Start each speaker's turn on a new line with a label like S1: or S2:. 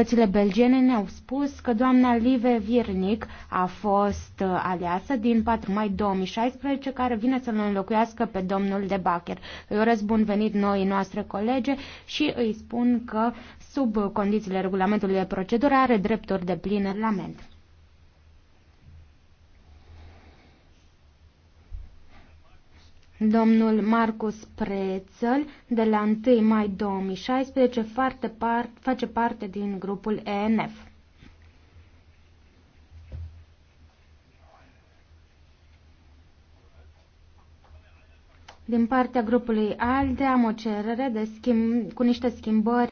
S1: Autoritățile belgiene ne-au spus că doamna Live Virnic a fost uh, aliasă din 4 mai 2016, care vine să-l înlocuiască pe domnul de Bacher. Îi urez bun venit noi noastre colege și îi spun că, sub condițiile regulamentului de procedură, are drepturi de plin Parlament. Domnul Marcus Prețel, de la 1 mai 2016, parte, face parte din grupul ENF. Din partea grupului
S2: ALDE am o cerere de schimb, cu niște schimbări